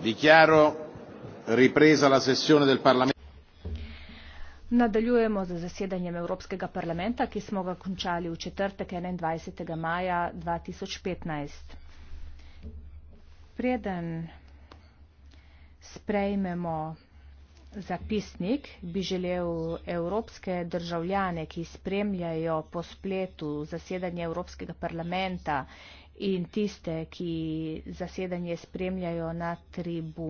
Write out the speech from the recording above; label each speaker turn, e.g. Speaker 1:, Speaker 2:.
Speaker 1: dichiaro ripresa la sessione del parlamento
Speaker 2: Nadaljujemo z zasedanjem
Speaker 3: Evropskega parlamenta, ki smo ga končali v četrtek 21. maja 2015. Preden sprejmemo zapisnik bi želel evropske državljane, ki spremljajo po spletu zasedanje Evropskega parlamenta in tiste, ki zasedanje spremljajo na tribu.